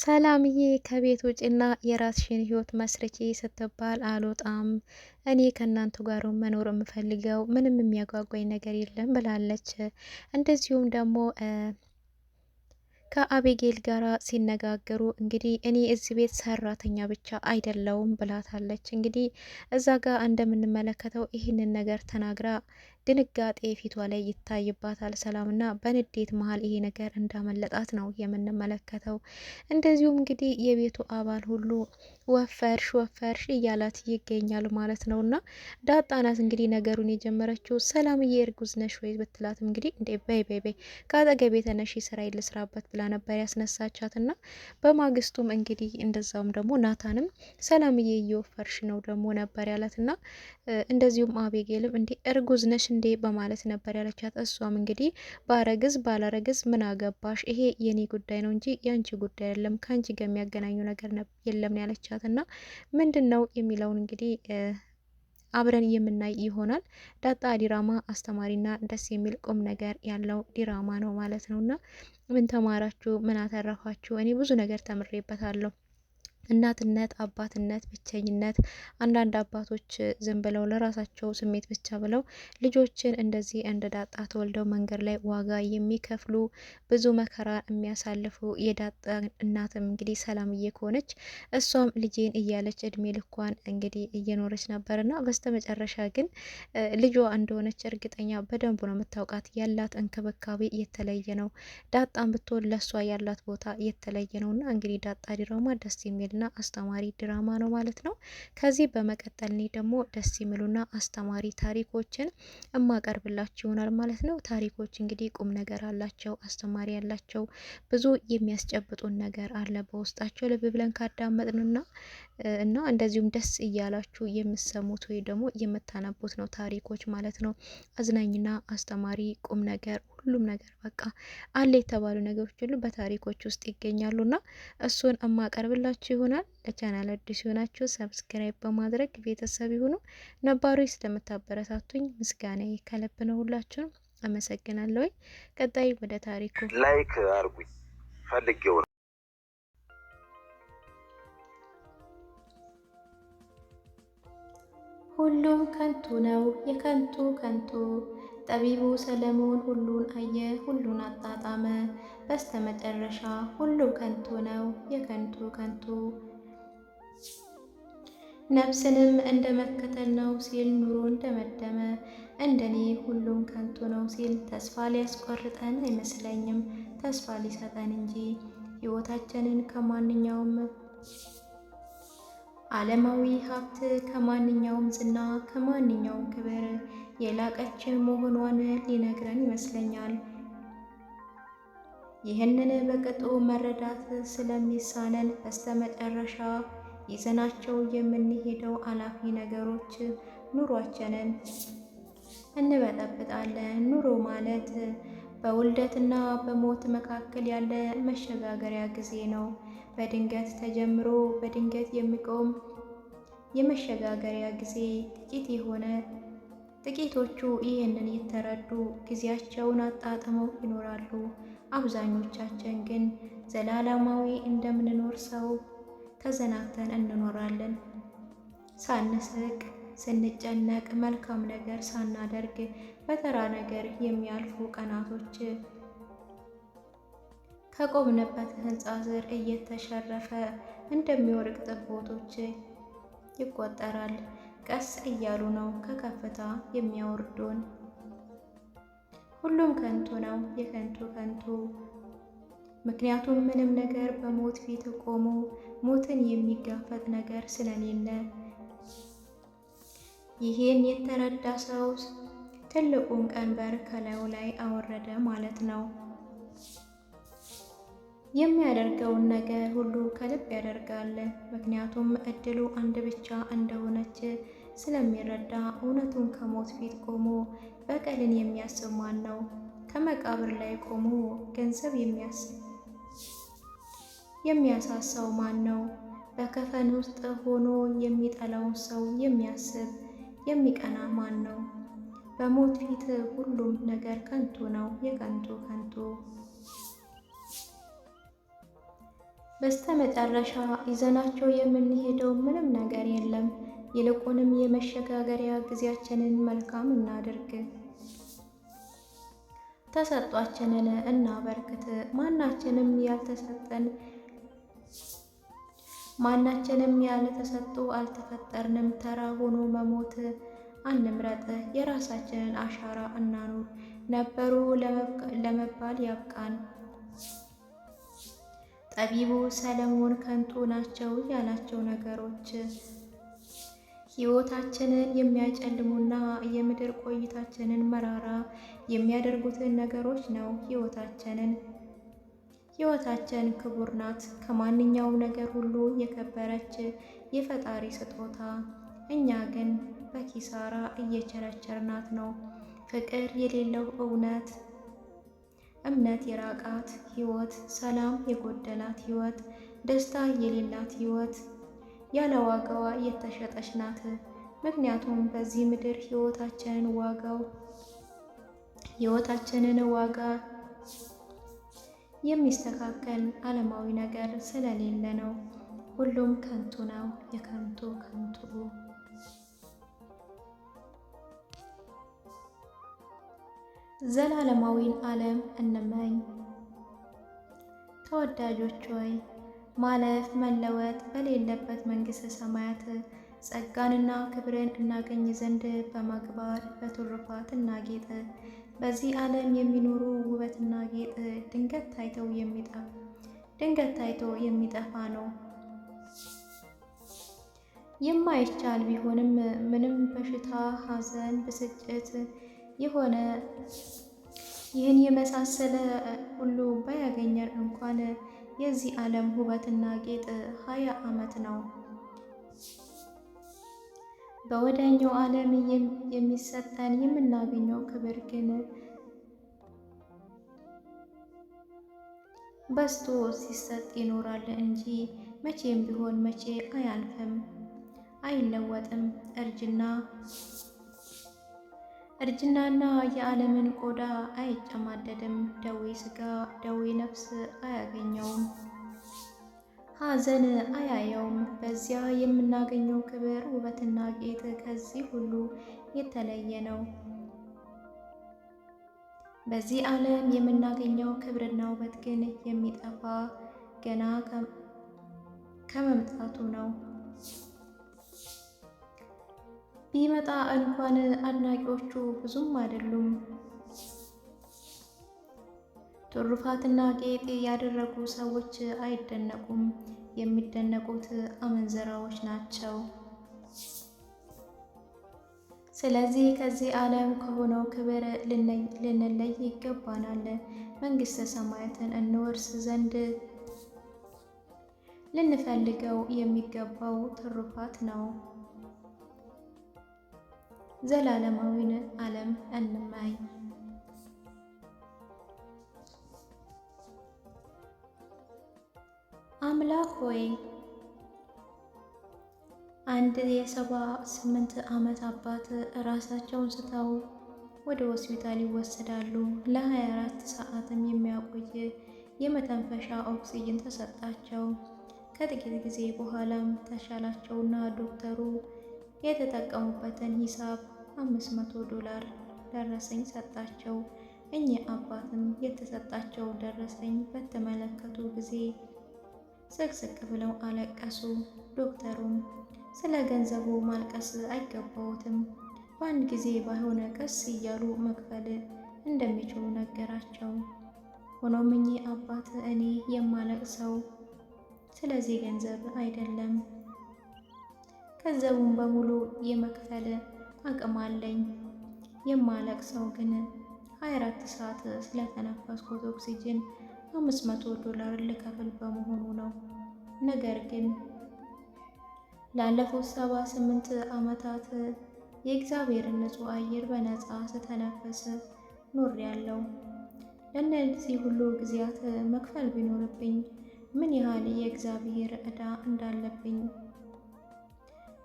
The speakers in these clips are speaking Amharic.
ሰላምዬ ከቤት ውጭና የራስሽን ህይወት መስርቺ ስትባል አልወጣም፣ እኔ ከእናንተ ጋር መኖር የምፈልገው ምንም የሚያጓጓኝ ነገር የለም ብላለች። እንደዚሁም ደግሞ ከአቤጌል ጋር ሲነጋገሩ እንግዲህ እኔ እዚህ ቤት ሰራተኛ ብቻ አይደለውም ብላታለች። እንግዲህ እዛ ጋር እንደምንመለከተው ይህንን ነገር ተናግራ ድንጋጤ ፊቷ ላይ ይታይባታል። ሰላምና በንዴት መሀል ይሄ ነገር እንዳመለጣት ነው የምንመለከተው። እንደዚሁም እንግዲህ የቤቱ አባል ሁሉ ወፈርሽ ወፈርሽ እያላት ይገኛል ማለት ነው። እና ዳጣናት እንግዲህ ነገሩን የጀመረችው። ሰላምዬ እርጉዝ ነሽ ወይ ብትላትም እንግዲህ እንዴ በይ በይ በይ ከአጠገቤ ተነሺ ስራ ይልስራበት ብላ ነበር ያስነሳቻት። እና በማግስቱም እንግዲህ እንደዛውም ደግሞ ናታንም ሰላምዬ እየወፈርሽ ነው ደግሞ ነበር ያላት። እና እንደዚሁም አቤጌልም እንዴ እርጉዝ ነሽ እንዴ በማለት ነበር ያለቻት። እሷም እንግዲህ ባረግዝ ባላረግዝ ምን አገባሽ ይሄ የኔ ጉዳይ ነው እንጂ የአንቺ ጉዳይ አይደለም፣ ከአንቺ ጋር የሚያገናኙ ነገር የለም ያለቻት እና ምንድን ነው የሚለውን እንግዲህ አብረን የምናይ ይሆናል። ዳጣ ዲራማ አስተማሪና ደስ የሚል ቁም ነገር ያለው ዲራማ ነው ማለት ነውና ምን ተማራችሁ? ምን አተረፋችሁ? እኔ ብዙ ነገር ተምሬበታለሁ። እናትነት፣ አባትነት፣ ብቸኝነት አንዳንድ አባቶች ዝም ብለው ለራሳቸው ስሜት ብቻ ብለው ልጆችን እንደዚህ እንደ ዳጣ ተወልደው መንገድ ላይ ዋጋ የሚከፍሉ ብዙ መከራ የሚያሳልፉ የዳጣ እናትም እንግዲህ ሰላምዬ ከሆነች እሷም ልጄን እያለች እድሜ ልኳን እንግዲህ እየኖረች ነበር እና በስተ መጨረሻ ግን ልጇ እንደሆነች እርግጠኛ በደንቡ ነው የምታውቃት። ያላት እንክብካቤ የተለየ ነው። ዳጣም ብትሆን ለእሷ ያላት ቦታ የተለየ ነው እና እንግዲህ ዳጣ ዲራማ ደስ የሚል እና አስተማሪ ድራማ ነው ማለት ነው። ከዚህ በመቀጠል እኔ ደግሞ ደስ የሚሉና አስተማሪ ታሪኮችን እማቀርብላችሁ ይሆናል ማለት ነው። ታሪኮች እንግዲህ ቁም ነገር አላቸው፣ አስተማሪ ያላቸው ብዙ የሚያስጨብጡን ነገር አለ በውስጣቸው ልብ ብለን ካዳመጥንና እና እንደዚሁም ደስ እያላችሁ የምሰሙት ወይ ደግሞ የምታነቡት ነው ታሪኮች ማለት ነው። አዝናኝና አስተማሪ ቁም ነገር ሁሉም ነገር በቃ አለ የተባሉ ነገሮች ሁሉ በታሪኮች ውስጥ እና እሱን እማቀርብላችሁ ይሆናል። ለቻናል አዲስ ሲሆናችሁ ሰብስክራይብ በማድረግ ቤተሰብ ይሁኑ። ነባሮች ስለምታበረታቱኝ ምስጋና ከልብ ነው። አመሰግናለሁ አመሰግናለሁኝ። ቀጣይ ወደ ታሪኩ ላይክ አርጉኝ ፈልግ ሁሉም ከንቱ ነው የከንቱ ከንቱ ጠቢቡ ሰለሞን ሁሉን አየ፣ ሁሉን አጣጣመ። በስተመጨረሻ ሁሉ ከንቱ ነው የከንቱ ከንቱ ነፍስንም እንደ መከተል ነው ሲል ኑሮን ደመደመ። እንደኔ ሁሉም ከንቱ ነው ሲል ተስፋ ሊያስቆርጠን አይመስለኝም፣ ተስፋ ሊሰጠን እንጂ ሕይወታችንን ከማንኛውም ዓለማዊ ሀብት፣ ከማንኛውም ዝና፣ ከማንኛውም ክብር የላቀች መሆኗን ሊነግረን ይመስለኛል። ይህንን በቅጡ መረዳት ስለሚሳነን በስተመጨረሻ ይዘናቸው የምንሄደው አላፊ ነገሮች ኑሯችንን እንበጠብጣለን። ኑሮ ማለት በውልደትና በሞት መካከል ያለ መሸጋገሪያ ጊዜ ነው። በድንገት ተጀምሮ በድንገት የሚቆም የመሸጋገሪያ ጊዜ ጥቂት የሆነ ጥቂቶቹ ይህንን እየተረዱ ጊዜያቸውን አጣጥመው ይኖራሉ። አብዛኞቻችን ግን ዘላለማዊ እንደምንኖር ሰው ተዘናግተን እንኖራለን። ሳንስቅ፣ ስንጨነቅ፣ መልካም ነገር ሳናደርግ በተራ ነገር የሚያልፉ ቀናቶች ከቆምንበት ሕንፃ ስር እየተሸረፈ እንደሚወርቅ ጠቦቶች ይቆጠራል። ቀስ እያሉ ነው ከከፍታ የሚያወርዱን። ሁሉም ከንቱ ነው የከንቱ ከንቱ። ምክንያቱም ምንም ነገር በሞት ፊት ቆሞ ሞትን የሚጋፈጥ ነገር ስለሌለ ይህን የተረዳ ሰው ትልቁን ቀንበር ከላዩ ላይ አወረደ ማለት ነው። የሚያደርገውን ነገር ሁሉ ከልብ ያደርጋል። ምክንያቱም እድሉ አንድ ብቻ እንደሆነች ስለሚረዳ እውነቱን ከሞት ፊት ቆሞ በቀልን የሚያስብ ማን ነው? ከመቃብር ላይ ቆሞ ገንዘብ የሚያሳሳው ማን ነው? በከፈን ውስጥ ሆኖ የሚጠላውን ሰው የሚያስብ የሚቀና ማን ነው? በሞት ፊት ሁሉም ነገር ከንቱ ነው፣ የከንቱ ከንቱ። በስተመጨረሻ ይዘናቸው የምንሄደው ምንም ነገር የለም። ይልቁንም የመሸጋገሪያ ጊዜያችንን መልካም እናድርግ፣ ተሰጧችንን እናበርክት። ማናችንም ያልተሰጠን ማናችንም ያልተሰጡ አልተፈጠርንም። ተራ ሆኖ መሞት አንምረጥ፣ የራሳችንን አሻራ እናኑር። ነበሩ ለመባል ያብቃን። ጠቢቡ ሰለሞን ከንቱ ናቸው ያላቸው ነገሮች ህይወታችንን የሚያጨልሙና የምድር ቆይታችንን መራራ የሚያደርጉትን ነገሮች ነው። ህይወታችንን ህይወታችን ክቡር ናት። ከማንኛውም ነገር ሁሉ የከበረች የፈጣሪ ስጦታ፣ እኛ ግን በኪሳራ እየቸረቸርናት ነው። ፍቅር የሌለው እውነት፣ እምነት የራቃት ህይወት፣ ሰላም የጎደላት ህይወት፣ ደስታ የሌላት ህይወት ያለ ዋጋዋ የተሸጠች ናት። ምክንያቱም በዚህ ምድር ህይወታችንን ዋጋው ህይወታችንን ዋጋ የሚስተካከል ዓለማዊ ነገር ስለሌለ ነው። ሁሉም ከንቱ ነው። የከንቱ ከንቱ ዘላለማዊን ዓለም እንመኝ። ተወዳጆች ሆይ ማለፍ መለወጥ በሌለበት መንግሥተ ሰማያት ጸጋንና ክብርን እናገኝ ዘንድ በማግባር በትሩፋት እናጌጠ በዚህ ዓለም የሚኖሩ ውበትና ጌጥ ድንገት ታይተው የሚጠፋ ድንገት ታይቶ የሚጠፋ ነው። የማይቻል ቢሆንም ምንም በሽታ፣ ሐዘን፣ ብስጭት የሆነ ይህን የመሳሰለ ሁሉ ባያገኘር እንኳን የዚህ ዓለም ውበትና ጌጥ ሀያ ዓመት ነው። በወዳኛው ዓለም የሚሰጠን የምናገኘው ክብር ግን በስቶ ሲሰጥ ይኖራል እንጂ መቼም ቢሆን መቼ አያልፍም፣ አይለወጥም። እርጅና እርጅናና የዓለምን ቆዳ አይጨማደድም። ደዌ ሥጋ፣ ደዌ ነፍስ አያገኘውም። ሐዘን አያየውም። በዚያ የምናገኘው ክብር፣ ውበትና ጌጥ ከዚህ ሁሉ የተለየ ነው። በዚህ ዓለም የምናገኘው ክብርና ውበት ግን የሚጠፋ ገና ከመምጣቱ ነው። ቢመጣ እንኳን አድናቂዎቹ ብዙም አይደሉም። ትሩፋትና ጌጥ ያደረጉ ሰዎች አይደነቁም፣ የሚደነቁት አመንዘራዎች ናቸው። ስለዚህ ከዚህ ዓለም ከሆነው ክብር ልንለይ ይገባናል። መንግሥተ ሰማያትን እንወርስ ዘንድ ልንፈልገው የሚገባው ትሩፋት ነው። ዘላለማዊን ዓለም እንማይ። አምላክ ሆይ አንድ የሰባ ስምንት ዓመት አባት ራሳቸውን ስተው ወደ ሆስፒታል ይወሰዳሉ። ለ24 ሰዓትም የሚያቆይ የመተንፈሻ ኦክሲጅን ተሰጣቸው። ከጥቂት ጊዜ በኋላም ተሻላቸውና ዶክተሩ የተጠቀሙበትን ሂሳብ አምስት መቶ ዶላር ደረሰኝ ሰጣቸው። እኚህ አባትም የተሰጣቸው ደረሰኝ በተመለከቱ ጊዜ ስቅስቅ ብለው አለቀሱ። ዶክተሩም ስለ ገንዘቡ ማልቀስ አይገባውትም በአንድ ጊዜ ባይሆነ ቀስ እያሉ መክፈል እንደሚችሉ ነገራቸው። ሆኖም እኚህ አባት እኔ የማለቅሰው ስለዚህ ገንዘብ አይደለም ገንዘቡን በሙሉ የመክፈል አቅም አለኝ። የማለቅሰው ግን 24 ሰዓት ስለተነፈስኩት ኦክሲጅን 500 ዶላር ልከፍል በመሆኑ ነው። ነገር ግን ላለፉት 78 ዓመታት የእግዚአብሔርን ንጹህ አየር በነፃ ስተነፈስ ኖር ያለው ለእነዚህ ሁሉ ጊዜያት መክፈል ቢኖርብኝ ምን ያህል የእግዚአብሔር ዕዳ እንዳለብኝ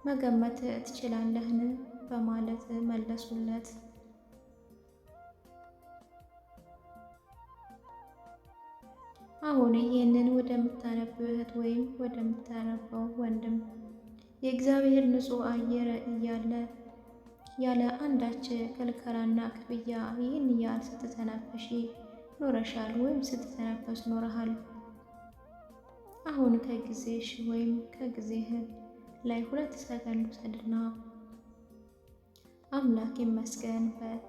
መገመት ትችላለህን? በማለት መለሱለት። አሁን ይህንን ወደምታነብ እህት ወይም ወደምታነበው ወንድም የእግዚአብሔር ንጹህ አየር እያለ ያለ አንዳች ክልከላና ክፍያ ይህን ያህል ስትተነፈሽ ኖረሻል ወይም ስትተነፈስ ኖረሃል። አሁን ከጊዜሽ ወይም ከጊዜህ ላይ ሁለት ሰከንድ ውሰድና አምላክ ይመስገን በል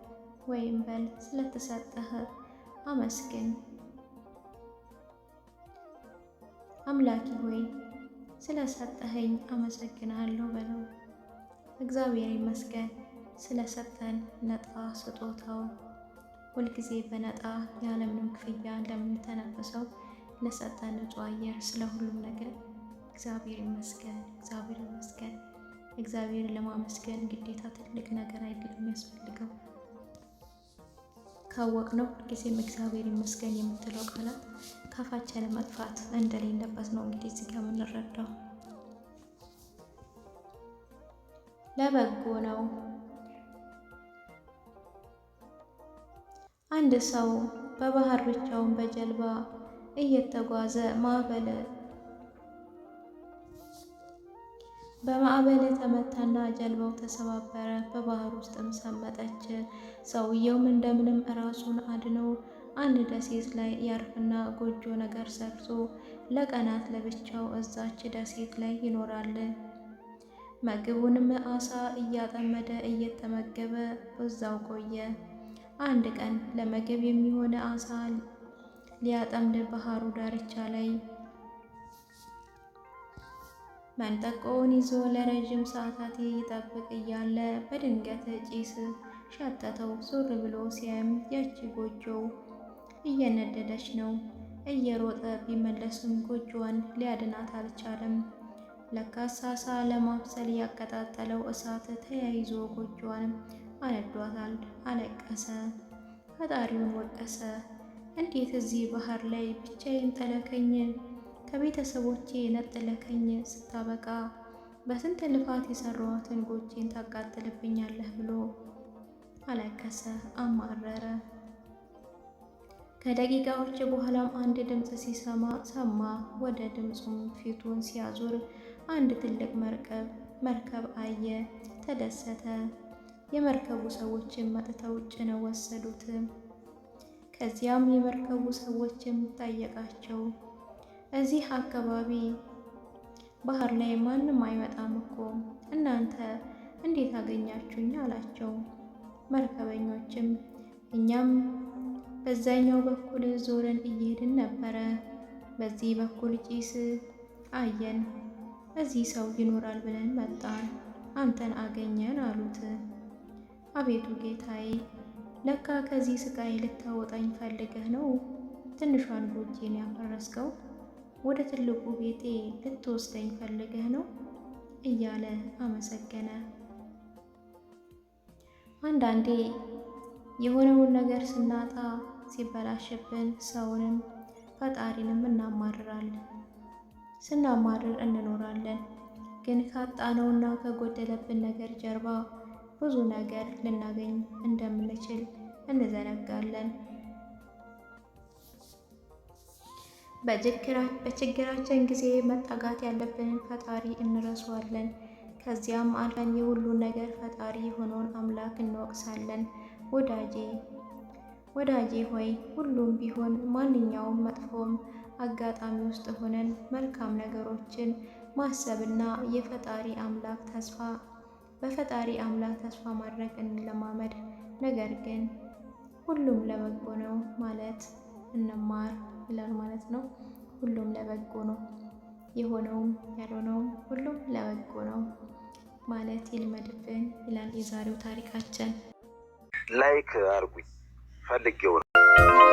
ወይም በል ስለተሰጠህ አመስግን። አምላኪ ሆይ ስለሰጠኸኝ አመሰግናለሁ በለው። እግዚአብሔር ይመስገን ስለሰጠን ነጣ ስጦታው ሁልጊዜ በነጣ ያለምንም ክፍያ ለምንተነፍሰው ለሰጠን ንጹህ አየር ስለ ሁሉም ነገር እግዚአብሔር ይመስገን፣ እግዚአብሔር ይመስገን። እግዚአብሔርን ለማመስገን ግዴታ ትልቅ ነገር አይደለም የሚያስፈልገው። ካወቅ ነው ጊዜም እግዚአብሔር ይመስገን የምትለው ቃላት ካፋቸ ለመጥፋት እንደሌለበት ነው እንግዲህ እዚህ የምንረዳው። ለበጎ ነው። አንድ ሰው በባህር ብቻውን በጀልባ እየተጓዘ ማዕበል በማዕበል የተመታና ጀልባው ተሰባበረ፣ በባህር ውስጥም ሰመጠች። ሰውየውም እንደምንም እራሱን አድነው አንድ ደሴት ላይ ያርፍና ጎጆ ነገር ሰርቶ ለቀናት ለብቻው እዛች ደሴት ላይ ይኖራል። ምግቡንም አሳ እያጠመደ እየተመገበ እዛው ቆየ። አንድ ቀን ለምግብ የሚሆነ አሳ ሊያጠምድ ባህሩ ዳርቻ ላይ መንጠቆውን ይዞ ለረዥም ሰዓታት ይጠብቅ እያለ በድንገት ጭስ ሸተተው። ዞር ብሎ ሲያይም ያቺ ጎጆው እየነደደች ነው። እየሮጠ ቢመለስም ጎጆዋን ሊያድናት አልቻለም። ለካሳሳ አሳ ለማብሰል ያቀጣጠለው እሳት ተያይዞ ጎጆዋን አነዷታል። አለቀሰ፣ ፈጣሪውን ወቀሰ። እንዴት እዚህ ባህር ላይ ብቻዬን ጠለከኝ ከቤተሰቦቼ የነጠለከኝ ስታበቃ በስንት ልፋት የሰራኋትን ጎቼን ታቃጥልብኛለህ ብሎ አለቀሰ፣ አማረረ። ከደቂቃዎች በኋላም አንድ ድምፅ ሲሰማ ሰማ። ወደ ድምፁም ፊቱን ሲያዞር አንድ ትልቅ መርከብ መርከብ አየ፣ ተደሰተ። የመርከቡ ሰዎችም መጥተው ጭነው ወሰዱት። ከዚያም የመርከቡ ሰዎችም ጠየቃቸው እዚህ አካባቢ ባህር ላይ ማንም አይመጣም እኮ እናንተ እንዴት አገኛችሁኝ? አላቸው። መርከበኞችም እኛም በዛኛው በኩል ዞረን እየሄድን ነበረ፣ በዚህ በኩል ጭስ አየን፣ እዚህ ሰው ይኖራል ብለን መጣን፣ አንተን አገኘን አሉት። አቤቱ ጌታዬ፣ ለካ ከዚህ ስቃይ ልታወጣኝ ፈልገህ ነው ትንሿን ጎጄን ያፈረስከው ወደ ትልቁ ቤቴ ልትወስደኝ ፈልገህ ነው እያለ አመሰገነ። አንዳንዴ የሆነውን ነገር ስናጣ ሲበላሽብን ሰውንም ፈጣሪንም እናማርራለን። ስናማርር እንኖራለን። ግን ካጣነውና ከጎደለብን ነገር ጀርባ ብዙ ነገር ልናገኝ እንደምንችል እንዘነጋለን። በችግራችን ጊዜ መጠጋት ያለብንን ፈጣሪ እንረሳዋለን። ከዚያም አለን የሁሉ ነገር ፈጣሪ የሆነውን አምላክ እንወቅሳለን። ወዳጄ ወዳጄ ሆይ ሁሉም ቢሆን ማንኛውም መጥፎም አጋጣሚ ውስጥ ሆነን መልካም ነገሮችን ማሰብና የፈጣሪ አምላክ ተስፋ በፈጣሪ አምላክ ተስፋ ማድረግ እንለማመድ። ነገር ግን ሁሉም ለበጎ ነው ማለት እንማር። ይላል ማለት ነው። ሁሉም ለበጎ ነው። የሆነውም ያልሆነውም ሁሉም ለበጎ ነው ማለት ይልመድብን ይላል የዛሬው ታሪካችን። ላይክ አርጉኝ ፈልጌው ነው።